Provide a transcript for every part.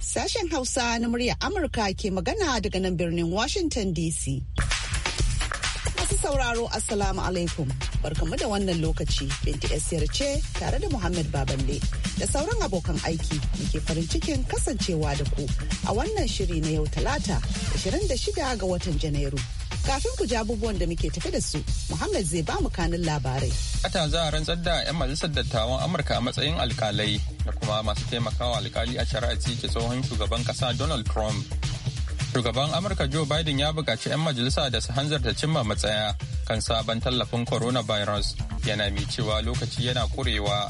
Sashen Hausa na murya Amurka ke magana daga nan birnin Washington DC. Masu sauraro Assalamu alaikum. Barkamu da wannan lokaci Binti Esiyar ce tare da Muhammad Baballe da sauran abokan aiki muke farin cikin kasancewa da ku a wannan shiri na yau talata 26 ga watan Janairu Kafin ku ji abubuwan da muke tafi da su, Muhammad zai ba mu kanin labarai. Ata za a rantsar da 'yan majalisar dattawan Amurka a matsayin alkalai da kuma masu taimakawa alkali a shari'a ke tsohon shugaban kasa Donald Trump. Shugaban Amurka Joe Biden ya buƙaci 'yan majalisa da su hanzarta cimma matsaya kan sabon tallafin coronavirus yana mai cewa lokaci yana kurewa.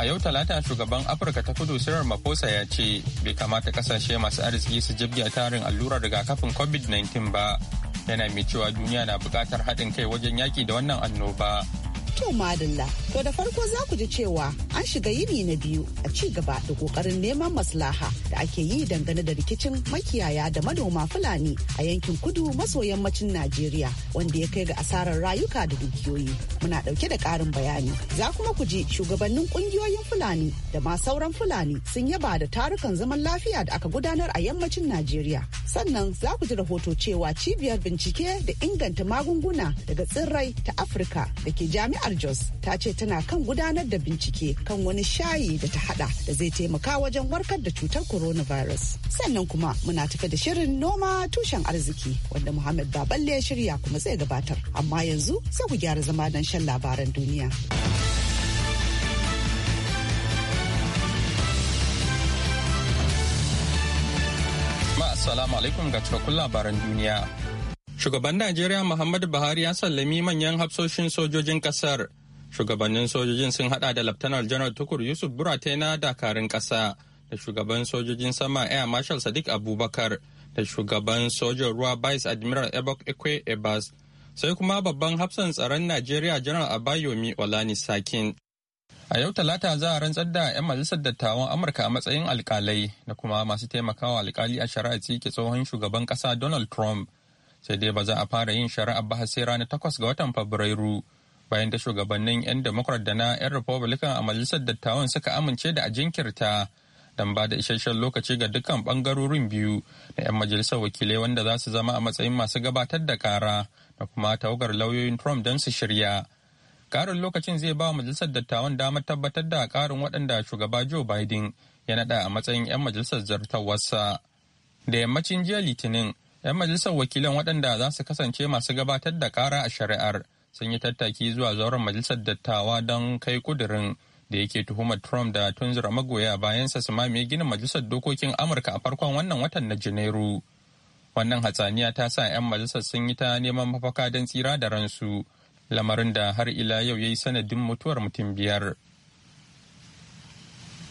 A yau talata shugaban Afirka ta kudu Sirar Maposa ya ce bai kamata kasashe masu arziki su jibge tarin allurar rigakafin COVID-19 ba yana mai cewa duniya na buƙatar haɗin kai wajen yaƙi da wannan annoba To madalla, to da farko za ku ji cewa an shiga yini na biyu a ci gaba da kokarin neman maslaha da ake yi dangane da rikicin makiyaya da manoma Fulani a yankin kudu maso yammacin Najeriya wanda ya kai ga asarar rayuka da dukiyoyi. Muna dauke da karin bayani. Za kuma ku ji shugabannin kungiyoyin Fulani da ma sauran Fulani sun yaba da tarukan zaman lafiya da aka gudanar a yammacin Najeriya. Sannan za ku ji rahoto cewa cibiyar bincike da inganta magunguna daga tsirrai ta Afirka da ke jami'a jihar Jos ta ce tana kan gudanar da bincike kan wani shayi da ta hada da zai taimaka wajen warkar da cutar coronavirus. Sannan kuma muna tafi da shirin noma tushen arziki wanda Muhammad Baballe ya shirya kuma zai gabatar. Amma yanzu sai ku gyara zama don shan labaran duniya. Assalamu alaikum ga cikakkun labaran duniya. Shugaban Najeriya Muhammadu Buhari ya sallami manyan hafsoshin sojojin kasar. Shugabannin sojojin sun hada da Laftanar Janar Tukur Yusuf Burate na dakarun ƙasa da shugaban sojojin sama Air Marshal Sadiq Abubakar da shugaban sojin ruwa Vice Admiral Ebok Ekwe Ebas sai kuma babban hafsan tsaron Najeriya Janar Abayomi Olani Sakin. A yau Talata za a rantsar da 'yan majalisar dattawan Amurka a matsayin alkalai da kuma masu taimakawa alkali a shari'a ke tsohon shugaban ƙasa Donald Trump. sai dai ba za a fara yin shari'a ba sai ranar takwas ga watan fabrairu bayan da shugabannin 'yan democrat da na 'yan republican a majalisar dattawan suka amince da a jinkirta don ba da isasshen lokaci ga dukkan bangarorin biyu na 'yan majalisar wakilai wanda za su zama a matsayin masu gabatar da kara da kuma tawagar lauyoyin trump don su shirya karin lokacin zai ba majalisar dattawan damar tabbatar da karin waɗanda shugaba joe biden ya naɗa a matsayin 'yan majalisar zartawarsa da yammacin jiya litinin 'Yan majalisar wakilan waɗanda za su kasance masu gabatar da kara a shari'ar sun yi tattaki zuwa zauren majalisar dattawa don kai kudirin da yake tuhumar Trump da tunzura magoya bayansa su mamaye ginin majalisar dokokin Amurka a farkon wannan watan na Janairu. Wannan hatsaniya ta sa 'yan majalisar sun yi ta neman mafaka don tsira da ransu, lamarin da har ila yau ya yi sanadin mutuwar mutum biyar.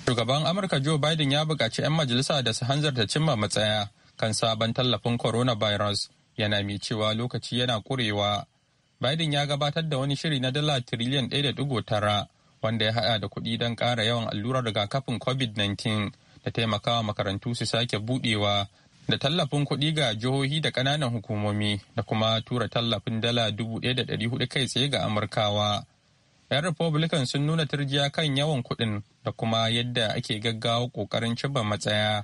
Shugaban Amurka Joe Biden ya buƙaci 'yan majalisa da su hanzarta cimma matsaya kan sabon tallafin coronavirus yana mai cewa lokaci yana ƙurewa. Biden ya gabatar da wani shiri na dala tiriliyan tara wanda ya haɗa da kuɗi don ƙara yawan allurar rigakafin COVID-19 da taimakawa makarantu su sake buɗewa da tallafin kuɗi ga jihohi da ƙananan hukumomi da kuma tura tallafin dala hudu kai tsaye ga Amurkawa. 'Yan Republican sun nuna turjiya kan yawan kuɗin da kuma yadda ake gaggawa ƙoƙarin ciba matsaya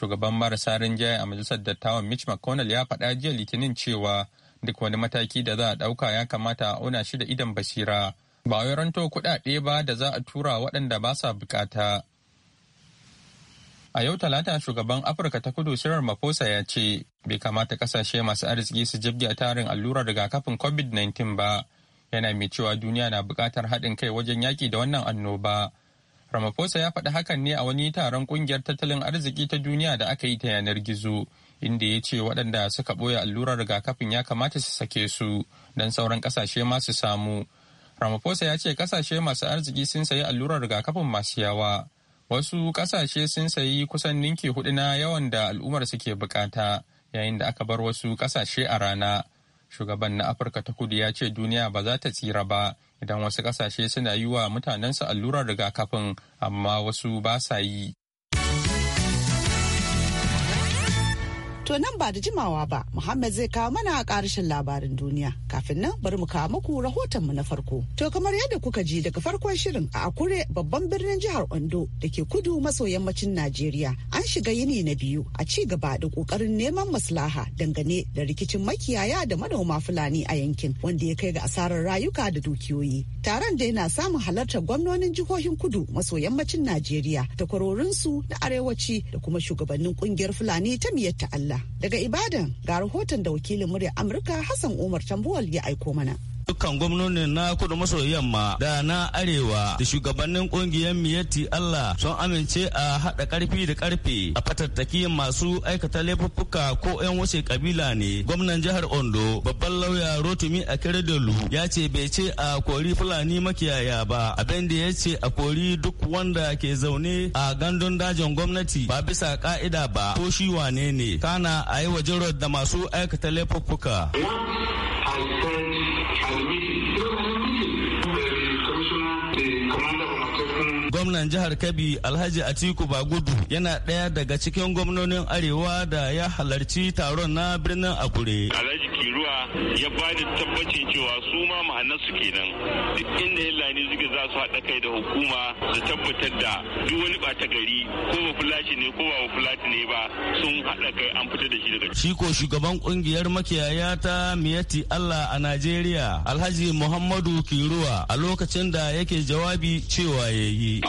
shugaban marasa rinjaye a majalisar dattawan mitch mcconnell ya faɗa jiya litinin cewa duk wani mataki da za a ɗauka ya kamata a auna shi da idan basira ba wai ranto kuɗaɗe ba da za a tura waɗanda ba sa bukata a yau talata shugaban afirka ta kudu Shirar mafosa ya ce bai kamata ƙasashe masu arziki su jibge tarin allurar rigakafin covid-19 ba yana mai cewa duniya na buƙatar haɗin kai wajen yaki da wannan annoba Ramaphosa ya faɗi hakan ne a wani taron ƙungiyar tattalin arziki ta duniya da aka yi ta yanar gizo, inda ya ce waɗanda suka ɓoye allurar rigakafin ya kamata su sake su don sauran ƙasashe masu samu. Ramaphosa ya ce ƙasashe masu arziki sun sayi allurar rigakafin masu yawa. Wasu ƙasashe sun sayi kusan ninki hudu na yawan da al'ummar suke bukata, yayin da aka bar wasu ƙasashe a rana. Shugaban na Afirka ta kudu ya ce duniya ba za ta tsira ba idan wasu ƙasashe suna yi wa mutanensu allurar rigakafin amma wasu ba sa yi To nan ba da jimawa ba, Muhammad zai kawo mana a karshen labarin duniya. Kafin nan bari mu kawo muku mu na farko. To kamar yadda kuka ji daga farkon shirin a Akure babban birnin jihar Ondo da ke kudu maso yammacin Najeriya an shiga yini na biyu a ci gaba da kokarin neman maslaha dangane da rikicin makiyaya da manoma Fulani a yankin wanda ya kai ga asarar rayuka da dukiyoyi. Taron da yana samun halartar gwamnonin jihohin kudu maso yammacin Najeriya da kwarorinsu na arewaci da kuma shugabannin kungiyar Fulani ta miyar Allah. Daga Ibadan ga rahoton da wakilin muryar Amurka Hassan Umar Tambuwal ya aiko mana. dukkan gwamnonin na kudu maso yamma da na arewa da shugabannin kungiyar miyatti Allah sun amince a haɗa karfi da karfe a fatattaki masu aikata laifuffuka ko 'yan wace kabila ne gwamnan jihar Ondo babban lauya Rotumi Akeredolu ya ce bai ce a kori Fulani makiyaya ba abin da ya ce a kori duk wanda ke zaune a gandun dajin gwamnati ba bisa ka'ida ba ko shi wane ne kana a yi wa da masu aikata laifuffuka. al gwamnan jihar kabi Alhaji Atiku Bagudu yana ɗaya daga cikin gwamnonin Arewa da ya halarci taron na birnin Akure. Alhaji Kiruwa ya ba da tabbacin cewa su ma ma'anarsu kenan duk inda lani zuke za su haɗa kai da hukuma da tabbatar da duk wani ɓata gari ko ba fulaci ne ko ba fulati ne ba sun haɗa kai an fita da shi daga shi ko shugaban kungiyar makiyaya ta miyati Allah a Najeriya Alhaji Muhammadu Kiruwa a lokacin da yake jawabi cewa ya yi.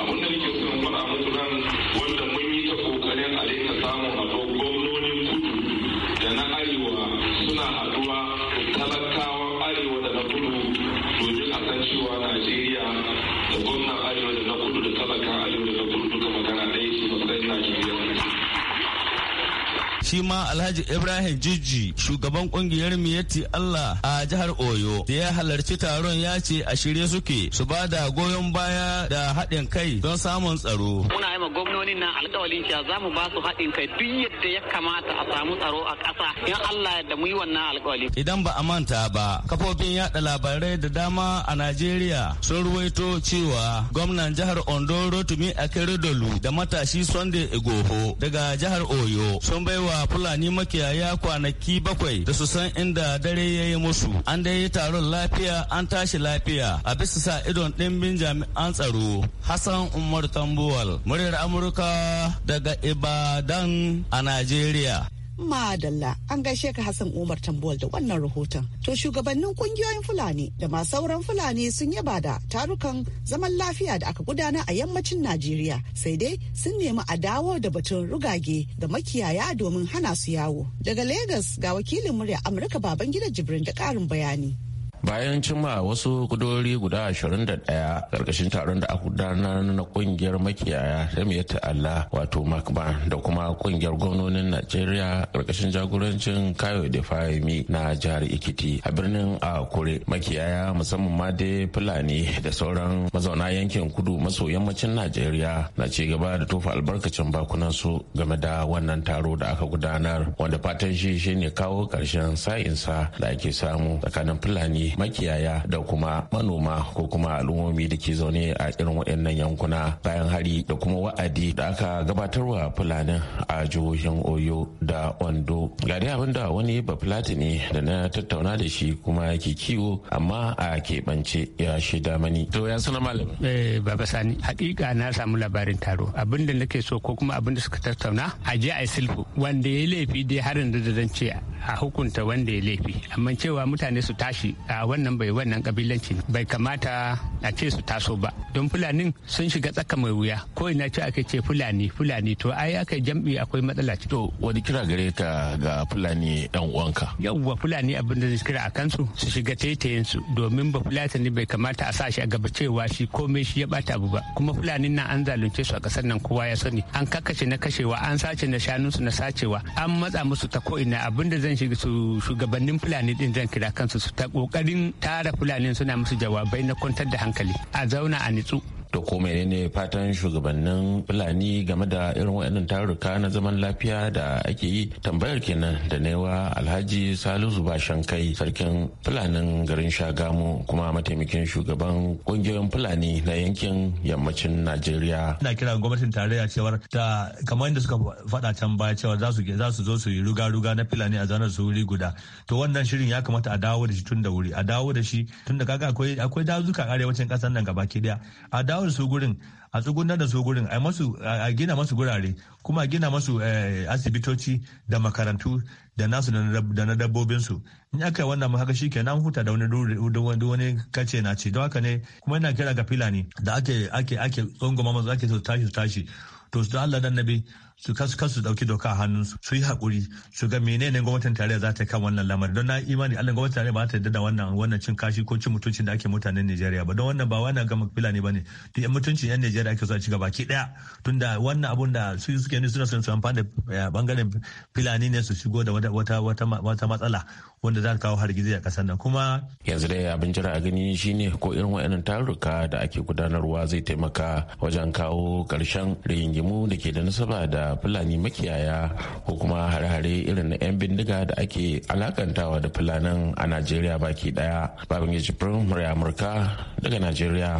shi ma Alhaji Ibrahim Jiji shugaban kungiyar Miyati Allah a jihar Oyo da ya halarci taron ya ce a shirye suke su ba da goyon baya da haɗin kai don samun tsaro. Muna yi ma gwamnonin nan alƙawalin cewa za mu ba su haɗin kai duk yadda ya kamata a samu tsaro a ƙasa in Allah da mu yi wannan alƙawali. Idan ba a manta ba kafofin yaɗa labarai da dama a Najeriya sun ruwaito cewa gwamnan jihar Ondo rotumi Akeredolu da matashi Sunday Igoho daga jihar Oyo sun baiwa Fulani makiyaya kwanaki bakwai da su san inda dare ya yi musu. An dai taron lafiya an tashi lafiya a bisa sa idon ɗimbin jami'an tsaro. Hassan Umar Tambuwal, muryar Amurka daga Ibadan a Najeriya. Madalla an gaishe ka Hassan Umar Tambuwal da wannan rahoton. To shugabannin kungiyoyin Fulani da ma sauran Fulani sun yaba da tarukan zaman lafiya da aka gudana a yammacin Najeriya sai dai sun nemi a dawo da batun rugage da makiyaya domin hana su yawo. Daga Legas ga wakilin murya Amurka Babangida Jibrin da karin bayani. bayan cimma wasu kudurori guda 21 karkashin taron da aka gudanar na kungiyar makiyaya ta miyata Allah wato makba da kuma kungiyar gwamnonin najeriya karkashin jagorancin kayo da fahimi na jihar ikiti a birnin akure makiyaya musamman ma dai fulani da sauran mazauna yankin kudu maso yammacin najeriya na ci gaba da tofa albarkacin bakunan su game da wannan taro da aka gudanar wanda fatan shi shine kawo karshen sa'insa da ake samu tsakanin fulani makiyaya da kuma manoma ko kuma al'ummomi da ke zaune a irin waɗannan yankuna bayan hari da kuma wa'adi da aka gabatarwa fulani a jihohin oyo da ondo ga dai abin da wani bafulati ne da na tattauna da shi kuma yake kiwo amma a keɓance ya shaida mani to ya suna malam eh baba sani hakika na samu labarin taro abin da nake so ko kuma abin da suka tattauna a je a silfu wanda ya laifi dai harin da zan ce a hukunta wanda ya laifi amma cewa mutane su tashi a a wannan bai wannan kabilanci bai kamata a ce su taso ba don fulanin sun shiga tsaka mai wuya ko ina ce ake ce fulani fulani to ai aka jam'i akwai matsala to wani kira gare ka ga fulani dan uwanka yawwa fulani abin da zai kira a kansu su shiga taitayen su domin ba fulatani bai kamata a sa shi a gaba cewa shi komai shi ya bata abu ba kuma fulani na an zalunce su a kasar nan kowa ya sani an kakkace na kashewa an sace na shanunsu na sacewa an matsa musu ta ko ina abin da zan shiga su shugabannin fulani din zan kira kansu su ta kokari abin tara fulani suna musu jawabai na kwantar da hankali a zauna a nitsu da ko menene fatan shugabannin fulani game da irin waɗannan taruka na zaman lafiya da ake yi tambayar kenan da newa alhaji salisu bashan kai sarkin fulanin garin shagamu kuma mataimakin shugaban ƙungiyoyin fulani na yankin yammacin najeriya na kira gwamnatin tarayya cewar ta kamar yadda suka faɗa can baya cewa za su zo su yi ruga-ruga na fulani a zanar su wuri guda to wannan shirin ya kamata a dawo da shi tun da wuri a dawo da shi tun da kaga akwai akwai dazuka arewacin ƙasar nan gaba ki daya a dawo dawo su gurin a tsugunar da su gurin a gina masu gurare kuma a gina masu eh, asibitoci da makarantu da nasu da na dabbobinsu in aka yi wannan haka shi ke nan huta da wani wani kace na ce don haka ne kuma yana kira ga filani da ake tsangwama tsongoma masu ake so tashi tashi to su Allah dan nabi su kasu kasu dauki doka hannunsu su yi hakuri su ga menene gwamnatin tarayya za ta kan wannan lamarin don na imani Allah gwamnatin tarayya ba ta yarda da wannan wannan cin kashi ko cin mutuncin da ake mutanen Najeriya ba don wannan ba wannan ga makfila ne bane duk yan mutuncin yan Najeriya ake so a ci gaba ki daya tunda wannan abun da su suke ne suna son su amfana da bangaren eh, filani ne su shigo da wata wata wata matsala wanda za ta kawo hargizi a kasar nan kuma yanzu dai abin jira a gani shine ko irin waɗannan taruka da ake gudanarwa zai taimaka wajen kawo karshen rigingimu da ke da nasaba da fulani makiyaya ko kuma hare-hare irin na 'yan bindiga da ake alakantawa da fulanin a najeriya baki daya babin ya jibrin murya amurka daga najeriya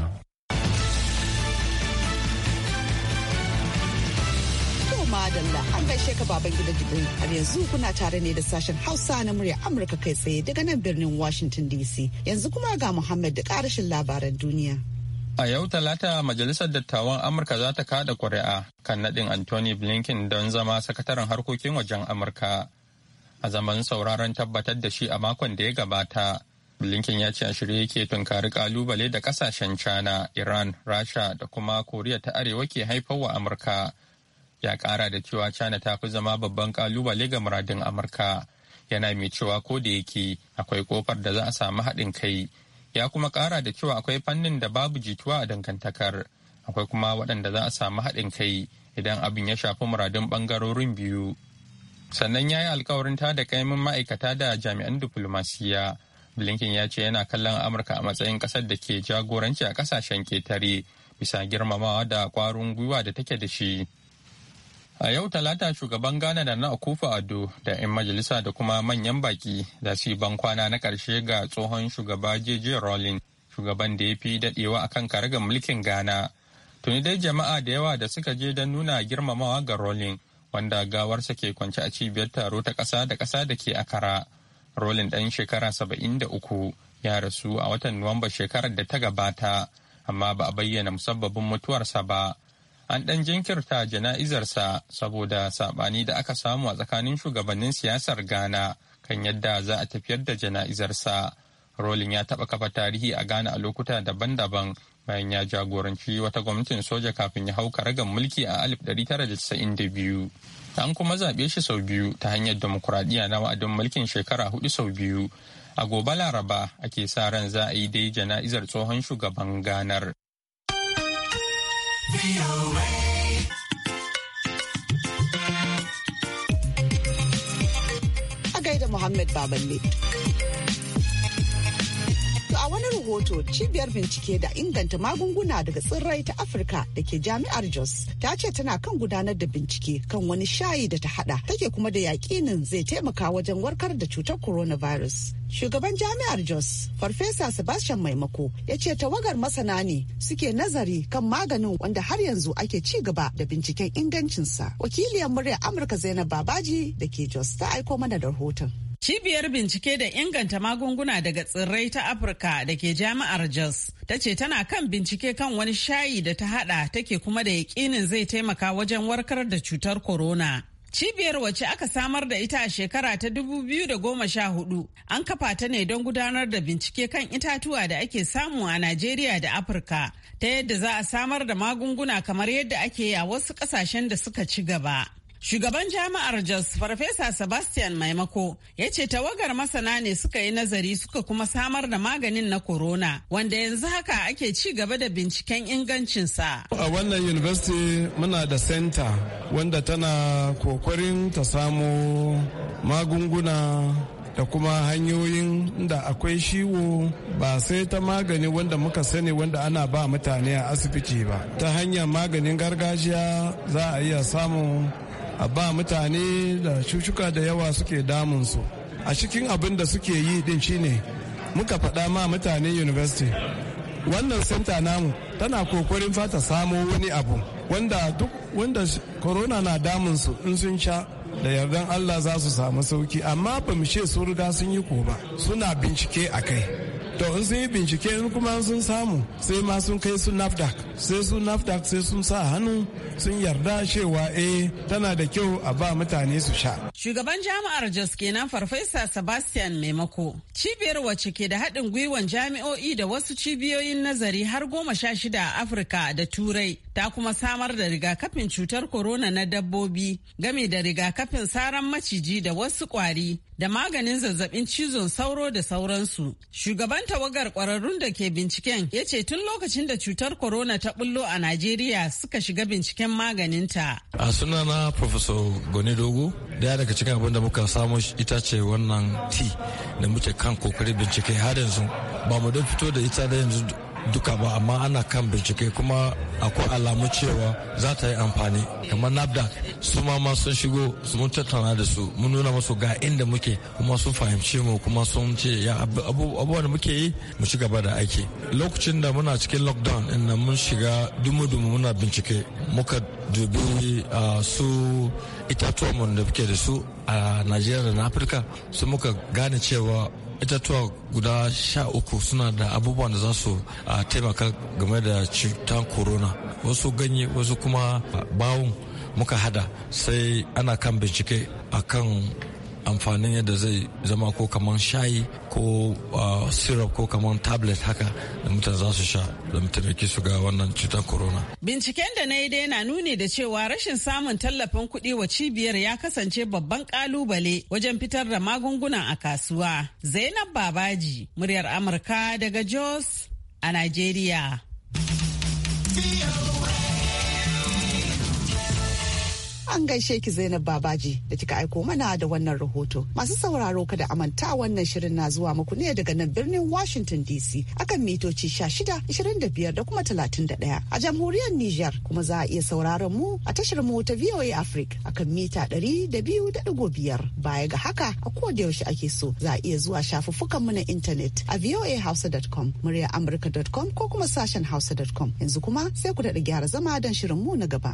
an gaishe ka baban gida har yanzu kuna tare ne da sashen hausa na murya amurka kai tsaye daga nan birnin washington dc yanzu kuma ga muhammad da karashin labaran duniya A yau Talata Majalisar Dattawan Amurka za ta kada ƙuri'a kan naɗin Anthony Blinken don zama sakataren harkokin wajen Amurka. A zaman sauraron tabbatar da shi a makon da ya gabata, Blinken ya ce a shirye yake tunkari kalubale da kasashen China, Iran, Rasha da kuma Koriya ta Arewa ke haifar wa Amurka. Ya ƙara da cewa China ta fi zama babban kalubale ga muradin Amurka. Yana mai cewa ko da yake akwai kofar da za a samu haɗin kai ya kuma kara da cewa akwai fannin da babu jituwa a dangantakar akwai kuma waɗanda za a samu haɗin kai idan abin ya shafi muradun ɓangarorin biyu sannan ya yi alkawarin ta da kaimin ma'aikata da jami'an diflomasiya blinken ya ce yana kallon amurka a matsayin ƙasar da ke jagoranci a ƙasashen ƙetare bisa girmamawa da ƙwarin gwiwa da take da shi A yau talata shugaban Ghana da na Akufo ado da 'yan majalisa da kuma manyan baki da su ban kwana na karshe ga tsohon shugaba JJ Rowling, shugaban da ya fi daɗewa akan karagar mulkin Ghana. Tuni dai jama'a da yawa da suka je don nuna girmamawa ga Rowling, wanda gawarsa ke kwance a cibiyar taro ta ƙasa da ƙasa da ke Akara. Rowling ɗan shekara saba'in da uku ya rasu a watan Nuwamba shekarar da ta gabata, amma ba a bayyana musabbabin mutuwarsa ba. an ɗan jinkirta jana'izarsa saboda saɓani da aka samu a tsakanin shugabannin siyasar ghana kan yadda za a tafiyar da jana'izarsa rolin ya taɓa kafa tarihi a ghana a lokuta daban-daban bayan ya jagoranci wata gwamnatin soja kafin ya hau karagar mulki a 1992 an kuma zaɓe shi sau biyu ta hanyar demokuraɗiyya na wa'adin mulkin shekara hudu sau biyu a gobe laraba ake sa ran za a yi dai jana'izar tsohon shugaban ganar A gaida Muhammad Baballe. a wani rahoto cibiyar bincike da inganta magunguna daga tsirrai ta Afirka da ke jami'ar Jos ta ce tana kan gudanar da bincike kan wani shayi da ta hada take kuma da yaƙinin zai taimaka wajen warkar da cutar coronavirus. Shugaban jami'ar Jos, Farfesa Sebastian Maimako, ya ce tawagar masana ne suke nazari kan maganin wanda har yanzu ake ci gaba da binciken ingancinsa. Wakiliyar Murya Amurka Zainab Babaji da ke Jos ta aiko mana da rahoton. Cibiyar bincike da inganta magunguna daga tsirrai ta Afirka da ke jami'ar Jos ta ce tana kan bincike kan wani shayi da ta hada take kuma da yakinin zai taimaka wajen warkar da cutar corona. Cibiyar wacce aka samar da ita a shekara ta 2014 an kafa ta ne don gudanar da bincike kan itatuwa da ake samu a Najeriya da Afirka ta yadda za a samar da magunguna kamar yadda ake yi a wasu ƙasashen da suka ci gaba. Shugaban jami'ar Jos Farfesa Sebastian Maimako ya ce tawagar masana ne suka yi nazari suka kuma samar da maganin na corona wanda yanzu haka ake ci gaba da binciken ingancinsa. A wannan university muna da center wanda tana kokarin ta samu magunguna da kuma hanyoyin da akwai shiwo ba sai ta magani wanda muka sani wanda ana ba mutane a asibiti ba ta hanyar maganin gargajiya za a iya samun a ba mutane da cucuka da yawa suke damunsu a cikin abin da suke yi din shine muka faɗa ma mutane university wannan senta namu tana kokarin fata samo wani abu wanda duk wanda corona na damunsu in sun sha da yardan allah za su samu sauki amma ba mu ce sun riga sun yi ko ba suna bincike a kai to in sun yi bincike in kuma sun samu sai ma sun kai su nafdac sai su naftak sai sun sa hannu sun yarda cewa eh tana da kyau a ba mutane su sha. Shugaban jami'ar Jos kenan Farfesa Sebastian Maimako. Cibiyar wacce ke da haɗin gwiwan jami'o'i da wasu cibiyoyin nazari har goma sha shida a Afirka da Turai ta kuma samar da rigakafin cutar corona na dabbobi game da rigakafin saran maciji da wasu ƙwari da maganin zazzabin cizon sauro da sauransu. Shugaban tawagar kwararrun da ke binciken ya ce tun lokacin da cutar corona ta ta bullo a Najeriya suka shiga binciken maganin ta. A sunana Professor Goni Dogo, daya daga cikin abin da muka samu ita ce wannan ti da muke kan kokarin bincike har yanzu ba mu don fito da ita da yanzu duka ba amma ana kan bincike kuma akwai alamu cewa za ta yi amfani kamar nabda su ma ma sun shigo mun tattauna da su mun nuna musu ga inda muke kuma sun fahimce mu kuma sun ce ya abubuwan da muke yi mu ci gaba da aiki lokacin da muna cikin lockdown inda mun shiga dumu-dumu muna bincike muka dubi su itatuwan da muke da su a najeriya da na afirka su muka gane cewa itatuwa guda sha uku suna da abubuwan da za su taimaka game da cutar corona wasu ganye wasu kuma bawun muka hada sai ana kan bincike a kan amfanin yadda zai zama ko kaman shayi ko ah, syrup ko kamar tablet haka da za su sha da taimaki su ga wannan cutar corona. Binciken da na yi dai na nuni da cewa rashin samun tallafin kuɗi wa cibiyar ya kasance babban kalubale wajen fitar da magungunan a kasuwa. Zainab Babaji, muryar Amurka daga Jos a Najeriya. An gaishe ki Zainab Babaji da kika aiko mana da wannan rahoto. Masu sauraro kada amanta wannan shirin na zuwa muku ne daga nan birnin Washington DC akan mitoci 16, da kuma 31 a jamhuriyar Niger kuma za a iya sauraron mu a tashar mu ta VOA Africa akan mita 200.5 baya ga haka a koda yaushe ake so za a iya zuwa shafuffukan mu na intanet a voahausa.com murya amurka.com ko kuma sashen hausa.com yanzu kuma sai ku daɗa gyara zama don shirin mu na gaba.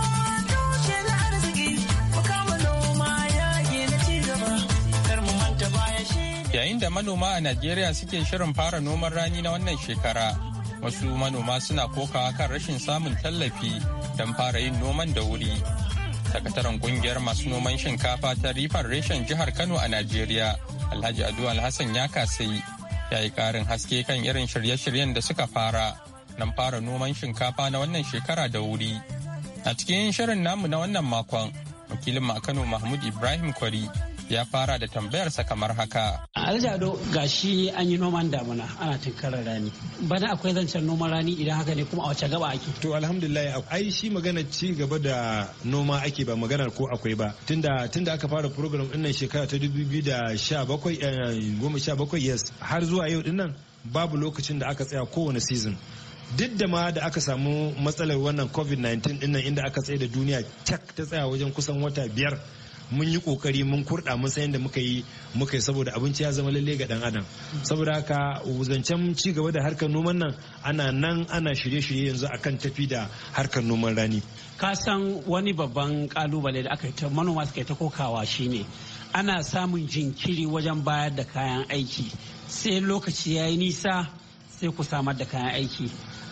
Yayin da manoma a Najeriya suke shirin fara noman rani na wannan shekara, wasu manoma suna kokawa kan rashin samun tallafi don fara yin noman da wuri. Sakataren kungiyar masu noman shinkafa ta rifar reshen jihar Kano a Najeriya, Alhaji Adu Alhassan ya kasai, ya yi ƙarin haske kan irin shirye-shiryen da suka fara nan fara noman shinkafa na wannan shekara da wuri. A cikin shirin namu na wannan makon, wakilin Kano Mahmud Ibrahim Kwari ya fara da tambayarsa kamar haka. A Aljado gashi an yi noman damuna ana tunkarar rani. Bana akwai zancen noman rani idan haka ne kuma a wace gaba ake. To alhamdulillah ai shi magana ci gaba da noma ake ba maganar ko akwai ba. Tunda tunda aka fara program din nan shekara ta 2017 eh, yes har zuwa yau din nan babu lokacin da aka tsaya kowane season. duk da ma da aka samu matsalar wannan covid-19 dinnan inda aka tsaye da duniya cak ta tsaya wajen kusan wata biyar mun yi kokari mun kurda mun san da muka yi muka yi saboda abinci ya zama lalle ga dan adam saboda haka zancen ci gaba da harkar noman nan ana nan ana shirye-shirye yanzu akan tafi da harkar noman rani ka san wani babban kalubale da aka ta manoma suka ta kokawa shine ana samun jinkiri wajen bayar da kayan aiki sai lokaci ya yi nisa sai ku samar da kayan aiki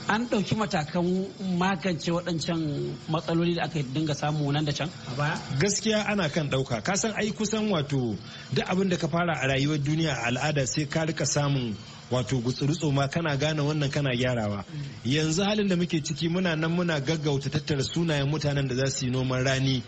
an ɗauki matakan magance waɗancan matsaloli da aka dinga samu nan da can a baya? Gaskiya ana kan ɗauka, ka san ai kusan wato duk abin da ka fara a rayuwar duniya a al'ada sai ka rika samun wato gutsurutso ma kana gane wannan kana gyarawa yanzu halin da muke ciki muna nan muna gaggauta tattara sunayen mutanen da za su yi noman rani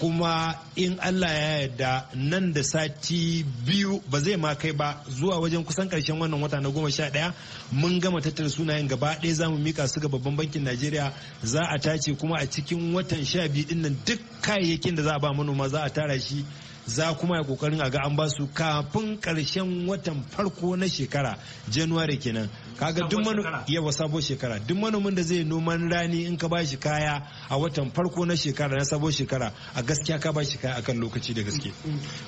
kuma in Allah ya yarda nan da sati biyu ba zai ma kai ba zuwa wajen kusan karshen wannan wata na goma sha ɗaya mun gama tattara sunayen gaba ɗaya za mu mika su ga babban bankin Najeriya za a tace kuma a cikin watan sha biyu ɗin nan duk kayayyakin da za a ba manoma za a tara shi za kuma ya kokarin a ga an ba su kafin karshen watan farko na shekara january kenan kaga duk manu yawa sabo shekara duk manomin da zai noman rani in ka bashi kaya a watan farko na shekara na sabo shekara a gaskiya ka bashi kaya akan lokaci da gaske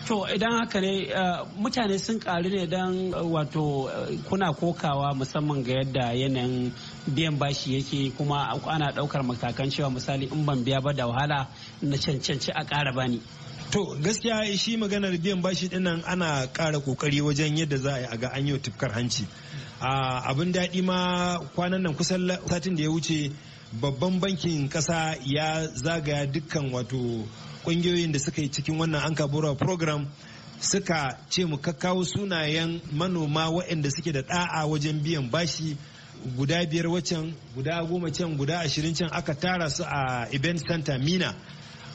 to idan haka ne eh, mutane sun karu ne dan eh, wato eh, kuna kokawa musamman ga yadda yanayin biyan bashi yake kuma ana daukar matakan cewa misali in ban biya ba da wahala na cancanci a kara bani To gaskiya shi maganar biyan bashi dinnan ana kara kokari wajen yadda za a yi a ga an yi tufkar hanci. Abin daɗi ma kwanan nan kusan satin da ya wuce babban bankin ƙasa ya zagaya dukkan wato ƙungiyoyin da suka yi cikin wannan an program suka ce mu kakkawo sunayen manoma waɗanda suke da ɗa'a wajen biyan bashi guda biyar wacan guda goma can guda ashirin can aka tara su a event center mina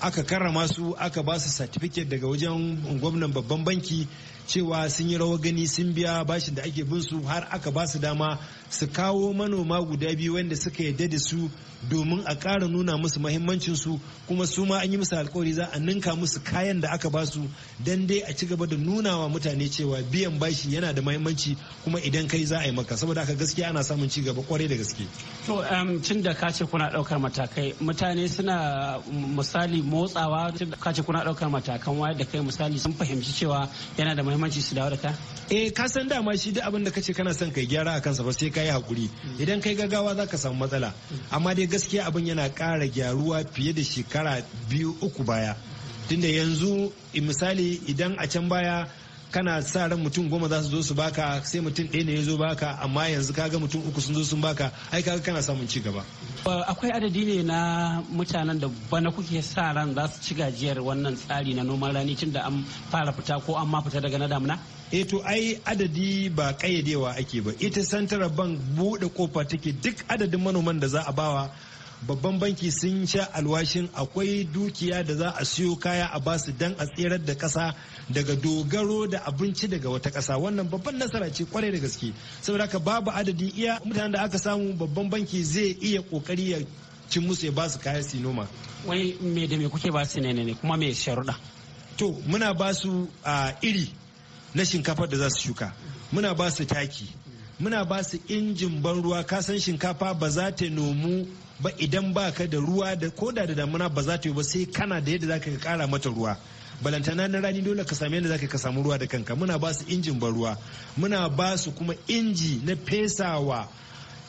aka karrama su aka ba su certificate daga wajen gwamnan babban banki cewa sun yi rawa gani sun biya bashin da ake bin su har aka ba su dama su kawo manoma guda biyu wanda suka yarda da su domin a ƙara nuna musu mahimmancin su kuma su ma an yi musu alkawari za a ninka musu kayan da aka ba su dan dai a ci gaba da nuna wa mutane cewa biyan bashi yana da mahimmanci kuma idan kai za a yi maka saboda haka gaskiya ana samun ci gaba kwarai da gaske to um, cin da ka ce kuna ɗaukar matakai mutane suna misali motsawa ka ce kuna ɗaukar matakan waye da kai misali sun fahimci cewa yana da mahimmanci su dawo da ka eh ka san dama shi duk abin da kace kana son kai gyara a kansa ba sai ka ka yi hakuri idan kai gaggawa za ka samu matsala amma dai gaskiya abin yana kara gyaruwa fiye da shekara biyu uku baya tunda yanzu misali idan a can baya kana sa ran mutum goma za su zo su baka sai mutum ɗaya ne ya zo baka amma yanzu kaga mutum uku sun zo sun baka ai kaga kana samun ci gaba. akwai adadi ne na mutanen da bana kuke sa ran za su ci gajiyar wannan tsari na noman rani tunda an fara fita ko an ma fita daga na damuna? eh to ai adadi ba kayyadewa ake ba ita central bank buɗe kofa take duk adadin manoman da za a bawa babban banki sun sha alwashin akwai dukiya da za a siyo kaya a basu dan a tserar da kasa daga dogaro da abinci daga wata kasa wannan babban nasara ce kwarai da gaske saboda haka babu adadi iya mutanen da aka samu babban banki zai iya kokari ya ci musu ya basu kaya su noma wai me da me kuke basu ne ne kuma me sharuɗa to muna basu a ah, iri na shinkafar da za su shuka muna ba su taki muna ba su injin ban ruwa kasan shinkafa ba za ta nomu ba idan ba ka da ruwa da koda da damuna ba za ta yi ba sai kana da yadda za ka kara mata ruwa balantana na rani dole ka sami yadda zaka ka samu ruwa da kanka muna ba su injin ban ruwa muna ba su kuma inji na fesawa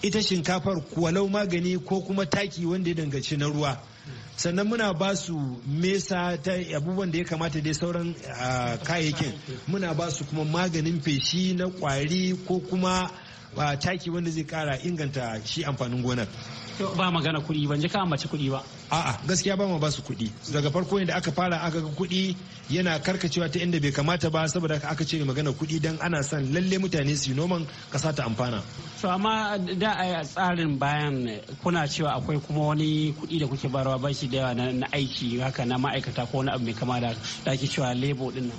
ita shinkafar kwalau magani ko kuma taki wanda ya danganci na ruwa sannan muna ba su mesa ta abubuwan da ya kamata dai sauran kayayyakin muna ba su kuma maganin feshi na kwari ko kuma taki wanda zai kara inganta shi amfanin gonar ba magana kuɗi ban ji ka ambaci kuɗi ba a'a gaskiya ba mu ba su kuɗi daga farko ne da aka fara aka ga kuɗi yana karkacewa ta inda bai kamata ba saboda aka ce magana kuɗi dan ana san lalle mutane su yi noman kasa ta amfana to amma da a tsarin bayan kuna cewa akwai kuma wani kuɗi da kuke barawa ba shi da yawa na aiki haka na ma'aikata ko wani abu mai kama da ake cewa lebo din nan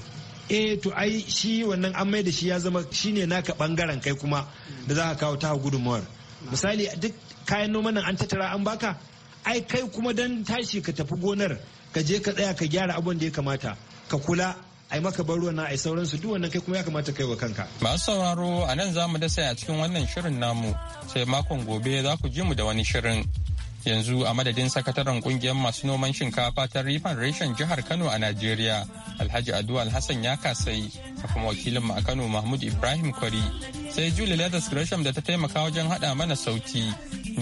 eh to ai shi wannan an mai da shi ya zama shine naka bangaren kai kuma da za ka kawo ta gudunmawar misali duk kayan noman nan an tattara an baka ai kai kuma dan tashi ka tafi gonar ka je ka tsaya ka gyara abun da ya kamata ka kula ai maka bar ruwan na ai sauransu duk wannan kai kuma ya kamata kai wa kanka masu sauraro a nan zamu da sai a cikin wannan shirin namu sai makon gobe za ku ji mu da wani shirin yanzu a madadin sakataren kungiyar masu noman shinkafa ta rifan reshen jihar kano a najeriya alhaji adu alhassan ya kasai a kuma wakilin a kano mahmud ibrahim kwari sai Juli ladas gresham da ta taimaka wajen hada mana sauti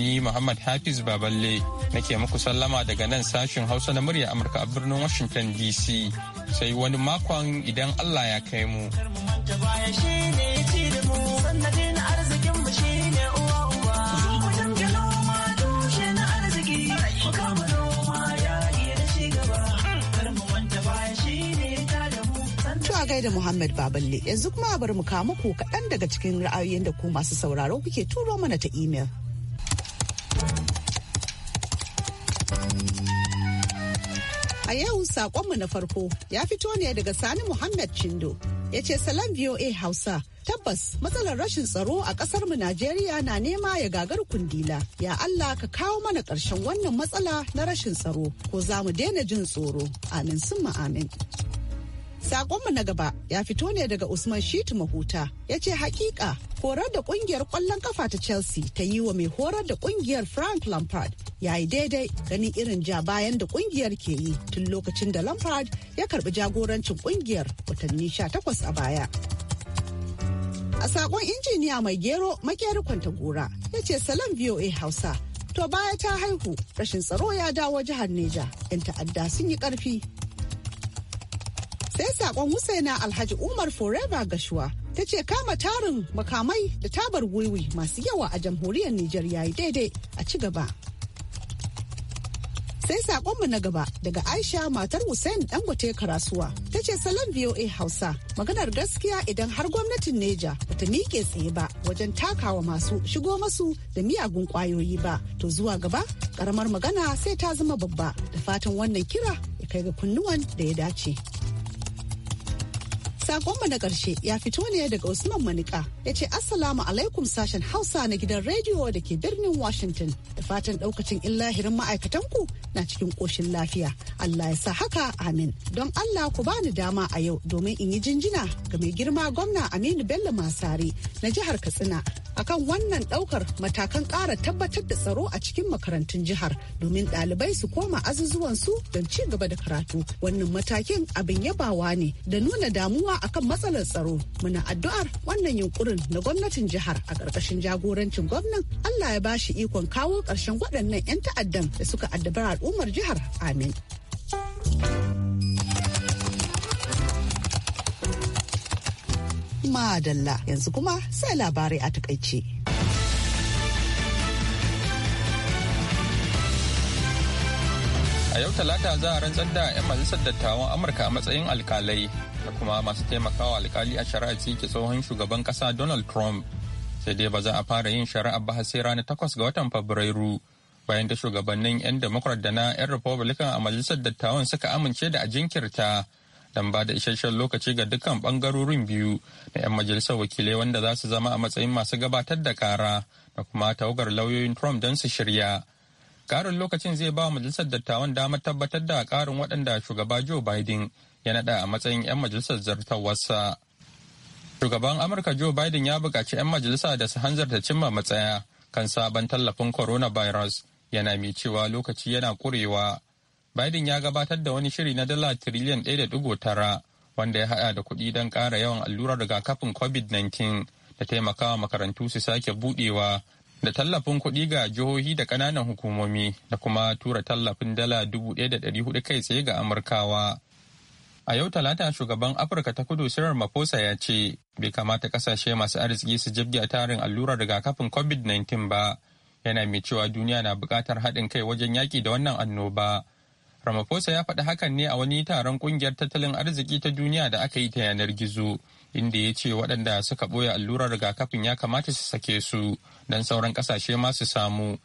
Ni Muhammad Hafiz Baballe nake muku sallama daga nan sashin Hausa na murya Amurka a birnin Washington DC. Sai wani makon idan Allah ya kai mu. gaida Muhammad Baballe yanzu kuma bari mu kawo muku kaɗan daga cikin ra'ayoyin da ku masu sauraro kuke turo mana ta imel. A yau sakonmu na farko ya fito ne daga Sani Muhammad Chindo ya ce salam VOA Hausa. Tabbas matsalar rashin tsaro a ƙasar mu Najeriya na nema ya gagar kundila. Ya Allah ka kawo mana ƙarshen wannan matsala na rashin tsaro ko za mu daina jin tsoro. Amin sun amin. Sakonmu na gaba ya fito ne daga Usman Shitu Mahuta ya ce hakika horar da kungiyar kwallon kafa ta Chelsea ta yi wa mai horar da kungiyar Frank Lampard ya yi daidai gani irin ja bayan da kungiyar ke yi tun lokacin da Lampard ya karbi jagorancin kungiyar watanni 18 a baya. A sakon injiniya mai gero makeri gora ya ce salam VOA Hausa to baya ta haihu rashin tsaro ya dawo jihar Neja 'yan ta'adda sun yi karfi sai sakon husaina alhaji umar forever gashuwa ta ce kama tarin makamai da tabar wiwi masu yawa a jamhuriyar nijar yayi daidai a ci gaba sai sakonmu na gaba daga aisha matar hussein dangote karasuwa ta ce salon voa hausa maganar gaskiya idan har gwamnatin neja bata miƙe tsaye ba wajen takawa masu shigo masu da miyagun ƙwayoyi ba to zuwa gaba karamar magana sai ta zama babba da fatan wannan kira ya kai ga kunnuwan da ya dace Sakonmu na ƙarshe ya fito ne daga Usman Manika ya ce Assalamu alaikum sashen Hausa na gidan rediyo da ke birnin Washington da fatan ɗaukacin illahirin ma'aikatanku na cikin ƙoshin lafiya. Allah ya sa haka amin. Don Allah ku bani dama a yau domin in yi jinjina ga mai girma gwamna Aminu Bello Masari na jihar Katsina akan wannan ɗaukar matakan ƙara tabbatar da tsaro a cikin makarantun jihar domin ɗalibai su koma azuzuwan su don ci gaba da karatu. Wannan matakin abin yabawa ne da nuna damuwa akan matsalar tsaro muna addu'ar wannan yunkurin na gwamnatin jihar a ƙarƙashin jagorancin gwamnan Allah ya ba shi ikon kawo ƙarshen waɗannan 'yan ta'addan da suka addabar al'ummar jihar amin. Madalla yanzu kuma sai labarai a takaice. A yau talata za a rantsar da 'yan majalisar dattawan Amurka a matsayin alkalai da kuma masu taimakawa alkali a shari'a ke tsohon shugaban kasa Donald Trump. Sai dai ba za a fara yin shari'a ba sai ranar takwas ga watan Fabrairu bayan da shugabannin 'yan Democrat da na 'yan Republican a majalisar dattawan suka amince da a jinkirta don ba da isasshen lokaci ga dukkan bangarorin biyu na 'yan majalisar wakilai wanda za su zama a matsayin masu gabatar da kara da kuma tawagar lauyoyin Trump don su shirya. Karin lokacin zai ba wa majalisar dattawan damar tabbatar da karin waɗanda shugaba Joe Biden ya naɗa a matsayin 'yan majalisar zartawarsa. Shugaban Amurka Joe Biden ya buƙaci 'yan majalisa da su hanzarta cimma matsaya kan sabon tallafin coronavirus yana mai cewa lokaci yana ƙurewa. Biden ya gabatar da wani shiri na dala tiriliyan tara wanda ya haɗa da kuɗi don ƙara yawan allurar rigakafin COVID-19 da taimakawa makarantu su sake buɗewa da tallafin kuɗi ga jihohi da ƙananan hukumomi da kuma tura tallafin dala 1,400 kai tsaye ga Amurkawa. A yau talata shugaban Afirka ta kudu Sirar Maposa ya ce bai kamata kasashe masu arziki su jibge tarin allurar rigakafin COVID-19 ba yana mai cewa duniya na buƙatar haɗin kai wajen yaƙi da wannan annoba. Ramaphosa ya faɗi hakan ne a wani taron ƙungiyar tattalin arziki ta duniya da aka yi ta yanar gizo inda ya ce waɗanda suka ɓoye allurar rigakafin ya kamata su sake su don sauran ƙasashe masu samu.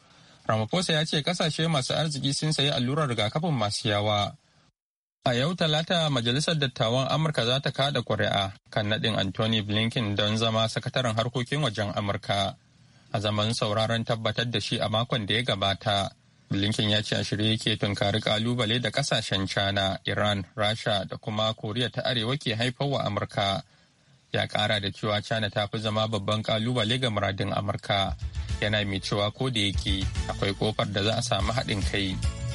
Ramaphosa ya ce ƙasashe masu arziki sun sayi allurar rigakafin masu yawa. A yau Talata Majalisar Dattawan Amurka za ta kada ƙuri'a kan naɗin Anthony Blinken don zama sakataren harkokin wajen Amurka. A zaman sauraron tabbatar da shi a makon da ya gabata, Blinken ya ce a shirye yake tunkari kalubale da kasashen China, Iran, Rasha da kuma Koriya ta Arewa ke haifarwa wa Amurka. Ya ƙara da cewa China ta fi zama babban kalubale ga muradin Amurka. Yana mai cewa ko da yake akwai kofar da za a samu haɗin kai.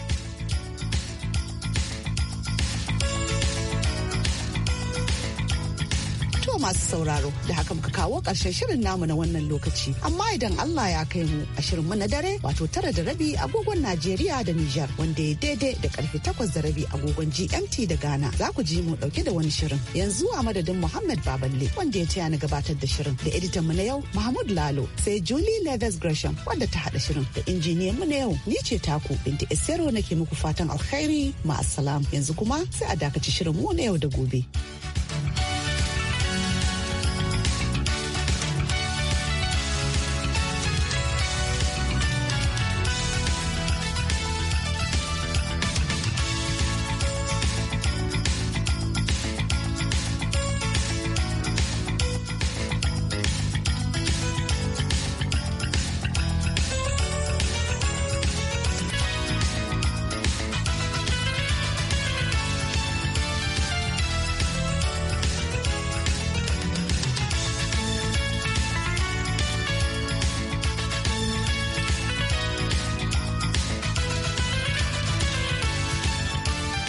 To masu sauraro da haka muka kawo ƙarshen shirin namu na wannan lokaci. Amma idan Allah ya kai mu a shirin mu na dare wato tara da rabi agogon Najeriya da Nijar wanda ya daidai da karfe takwas da rabi agogon GMT da Ghana. Za ku ji mu ɗauke da wani shirin. Yanzu a madadin Muhammad Baballe wanda ya taya ni gabatar da shirin da editan mu na yau Mahmud Lalo sai Julie Leathers Gresham wanda ta haɗa shirin da injiniyan mu na yau ni ce taku Binta Esero nake muku fatan alkhairi ma'assalam yanzu kuma sai a dakaci shirin mu na yau da gobe.